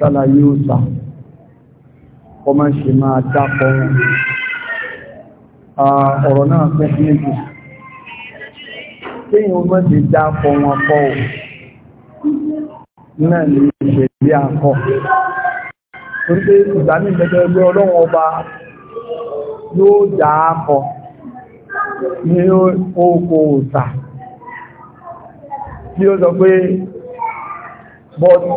sálà yóò sà kọmọ ṣe máa dápọ̀ wọn ọ̀rọ̀ náà fẹ́ méjì tíyìn ọmọ ti dápọ̀ wọn kọ́ ò náà lè ṣe bí akọ́ torípé ìgbà ní ìgbẹ́jọ́ ẹgbẹ́ ọlọ́run ọba yóò dápọ̀ ní oko òsà tí ó sọ pé bọ́ọ̀lù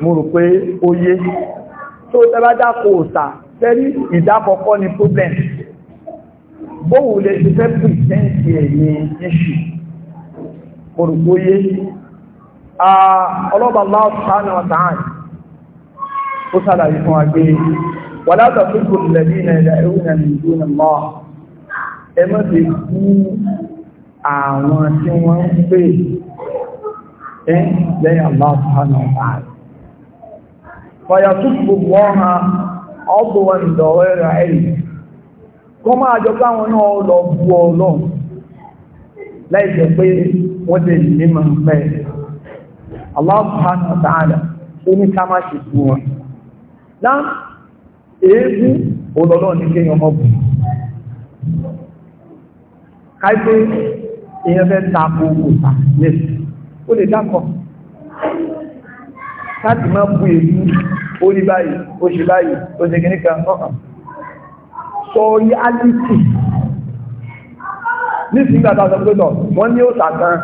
mo rò pé ó yé tó tẹ́bá dákò òsà tẹ́rí ìdákọ̀ọ́kọ́ ni problem bóhùn lè ti fẹ́ pìsẹ́ǹtì ẹ̀yìn iṣu mo rò pé ó yé ọlọ́bà láàrín ọ̀tàn ó sàlàyé fún agbé wàlá tàbíkò lẹ́bí na ilẹ̀ ìrìnà ìdúnà mọ́ ẹmọ́ ti kú àwọn tí wọ́n ń pè lẹ́yìn aláàrín ọ̀tàn fayasubu mọ́ha ọgbọ̀wọ̀n ìdọ̀wọ́ ẹ̀rà ẹ̀rì kọ́ máa jọ káwọn náà lọ bú ụlọ láìsẹ̀ wọ́n tẹ̀ ní ma pẹ́ Allah subhanahu ó ní ká má ṣe bú wọn ná èébú olọ́lọ́ ní kéèyàn mọ́ bù káìpé èèyàn fẹ́ ta ta lẹ́sìn ó lè káàkiri máa bú èyí ó rí báyìí ó ṣe báyìí ó ṣe kìíníkà náà sọ yálítì nísìnyí àti àṣọ́gbẹ́tọ̀ wọ́n ní òsà kan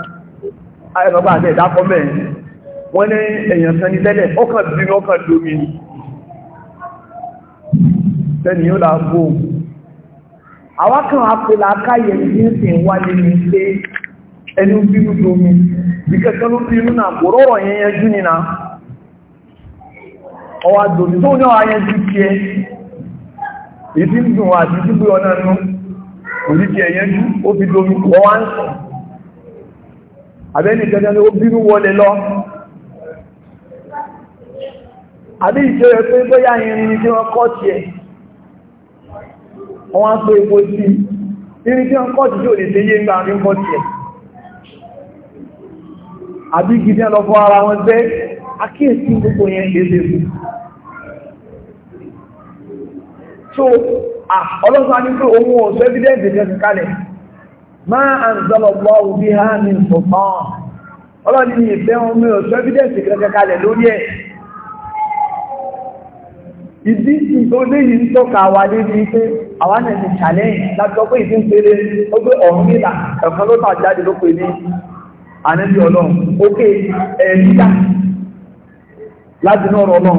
ayẹ́bàbà àti ẹ̀dákọ́ mẹ́rin wọ́n ní èèyàn kan ní tẹ́lẹ̀ ọkàn bínú ọkàn lómi tẹ́ni yóò láàgbó àwákan àpèlà káyẹ̀ ní sí wáyé ní pé ẹni bínú lómi bí ló bínú náà kò rọ́rọ̀ yẹn yẹn jú nínú ọwá dòdì tó ní ọ̀há yẹn sí kí ẹ ìdí dùn àti ìdígbé ọ̀nà nú òdí kí ẹ̀yẹn jú ó fi domi ọwá ń sùn àbẹ́ni ìjọjọ́ ni ó bínú wọlé lọ àbí ìjọ rẹ̀ pé bóyá irin ni tí wọ́n kọ́ ti ẹ̀ wọ́n á pé epo sí irin tí wọ́n kọ́ ti tí ò lè ṣe yé ńgbà ní kọ́ ti ẹ̀ àbí gidi ọlọ́fọ́ ara wọn jẹ́ akíyèsí gbogbo yẹn ṣe é ṣe fún so ah, ọlọ́sọ ní pé òun evidence kẹsì kalẹ̀ máa àǹzọ́lọ̀pọ̀ òbí ha ní ìfọ̀tán ọlọ́ni ní ìfẹ́ wọn mi evidence kẹsì kalẹ̀ lórí ẹ̀ ìdí tó léyìí ń tọ́ka wa lébi pé àwa náà ti challenge látọ́ pé ìdí ń péré ó gbé ọ̀run nílà ló tà jáde ló pè ní ọlọ́run ókè láti náà ọlọ́run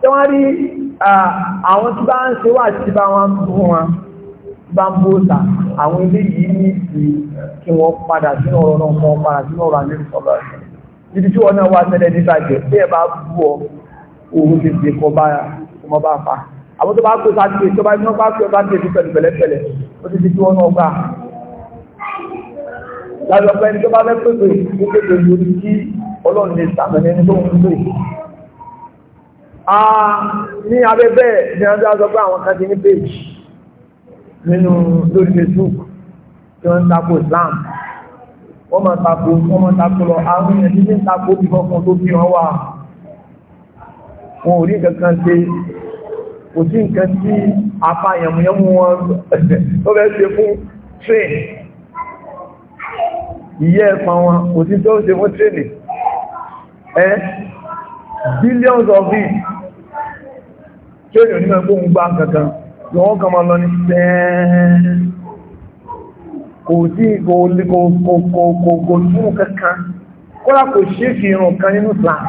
tí wọ́n rí àwọn tí bá ń ṣe wà tí bá wọ́n fún wọn bá ń bóòtà àwọn ilé yìí ní ìsì kí wọ́n padà sínú ọ̀rọ̀ náà kan padà sínú ọ̀rọ̀ àmì ìsọ̀rọ̀ ẹ̀sìn ibi tí wọ́n náà wá tẹ́lẹ̀ nígbà jẹ́ bí ẹ bá bú ọ òun ti fi kọ bá ọmọ bá fa àwọn tó bá kó sáté tó bá iná bá fi ọba tẹ̀ sí pẹ̀lú pẹ̀lẹ́pẹ̀lẹ́ ó ti di tí wọ́n náà gbà lábẹ́ ọ̀pẹ́ni tó bá fẹ́ pépè ó pépè lórí kí ọlọ́run lè sàmẹ́ni tó ń pè ní abẹ́bẹ́ ní ọjọ́ àzọ́gbà àwọn kan ti ní page nínú lórí Facebook tí wọ́n ń tako Islam wọ́n máa tako wọ́n máa tako lọ àwọn èèyàn tí ń tako bí kankan tó fi hàn wá wọn ò rí kankan ṣe kò sí nǹkan tí apá yàmùyàmù wọn tó bẹ́ẹ̀ ṣe fún train ìyẹ́ ẹ̀pà wọn kò sí tó ṣe fún train ẹ́ billions of it tí ènìyàn ní mẹ́gbó ń gbá kankan ni wọ́n kàn máa lọ ní sẹ́ẹ̀ẹ́ kò sí kò túnmù kankan kọ́lá kò ṣe fi irun kan nínú Islam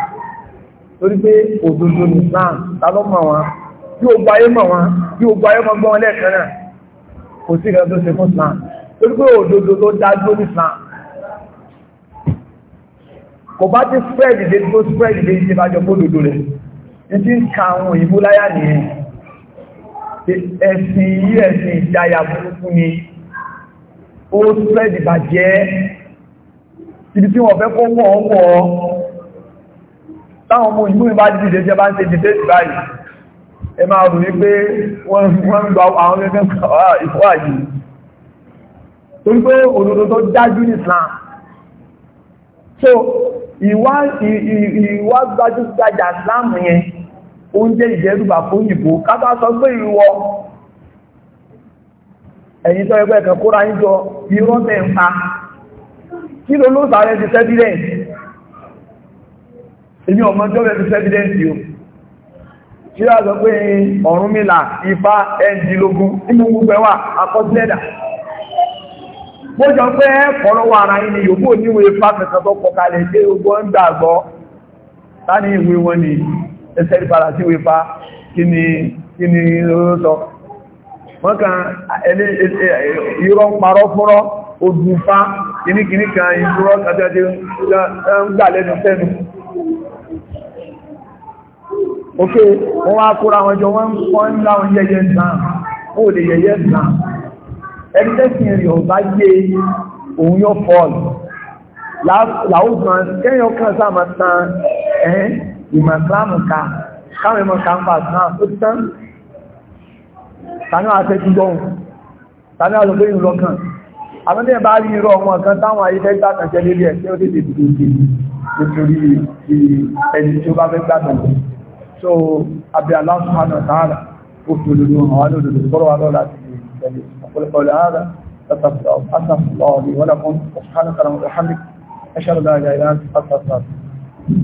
torí pé òdodo ní Islam tálọ́ mọ̀ wọn yóò gba ayé mọ̀ wọn yóò gba ayé mọ̀ gbọ́n wọn lẹ́ẹ̀kan náà kò sí ìgbà tó ṣe fún Islam torí pé òdodo ló dájú ní Islam kò bá ti spread ìdè tó spread ìdè ìdè ìbájọ́ fún òdodo rẹ̀ ìdí ń ka àwọn òyìnbó láyà nìyẹn ẹ̀sìn yí ẹ̀sìn ìdáyà burúkú ni ó spread ìbàjẹ́ ibi tí wọ́n fẹ́ kó wọ́n wọ́ táwọn ọmọ òyìnbó bá dìde jẹ́ bá ń ṣe dìde báyìí ẹ máa rò ní pé wọ́n ń gba àwọn ẹgbẹ́ ah, ìfọ́ àyè torí pé òdodo tó dájú ní Islam so ìwà gbajúgbajà láàmù yẹn oúnjẹ ìjẹ́rùbà fún ìbò kátà sọ pé ìwọ ẹ̀yìn tó ẹgbẹ́ ẹ̀kẹ́ kóra ń jọ irọ́ tẹ̀ kí ló ló sáré ti sẹ́bídẹ́ǹtì èmi ọmọ ti o ṣíra sọ pé Ọ̀rúnmìlà Ifá ẹ̀ndínlógún nínú gbogbo ẹwà akọsílẹ̀dà bó jọ pé ẹ̀kọ́ lọ́wọ́ ara yìí ni yòókù níwé fáfẹ́sọ tó kọ kalẹ̀ dé ogbó ń gbàgbọ́ tání ìwé wọn ni ẹsẹ̀ ìpàdà sí wípa kí ni kí ni ó sọ wọ́n kan ẹni irọ́ parọ́ fúrọ́ odùnfá kìníkìní kan ìdúrọ́ kàtàdé ń gbà lẹ́nu fẹ́nu ok wọ́n wá kóra wọn jọ wọ́n ń láwọn yẹyẹ ń tàn ó lè yẹyẹ ń tàn ẹni tẹ́sìn rí ọba yé òun yóò fọ́ọ̀lù láwùgbọ́n kẹ́yàn kan sáàmà tán ẹ́ ìmọ̀ ìsìlámù ká káwọn ìmọ̀ ká ń fà náà ó ti tán tàní àṣẹ tí gbọ́n tàní àṣẹ ìlú lọ́kàn àbẹ́dẹ̀ bá rí irọ́ ọmọ kan táwọn ayífẹ́ gbàtànjẹ́ lérí ẹ̀ tí ó tètè dìde ìdìdì nítorí ẹni tí ó bá fẹ́ gbàtànjẹ́ so abẹ́ aláṣùmánà tààrà ó fi olóòrùn àwọn olóòrùn tọ́rọ wa lọ́la السبيل أقول قول هذا أستغفر الله لي ولكم سبحانك اللهم وبحمدك أشهد أن لا إله إلا أنت أستغفرك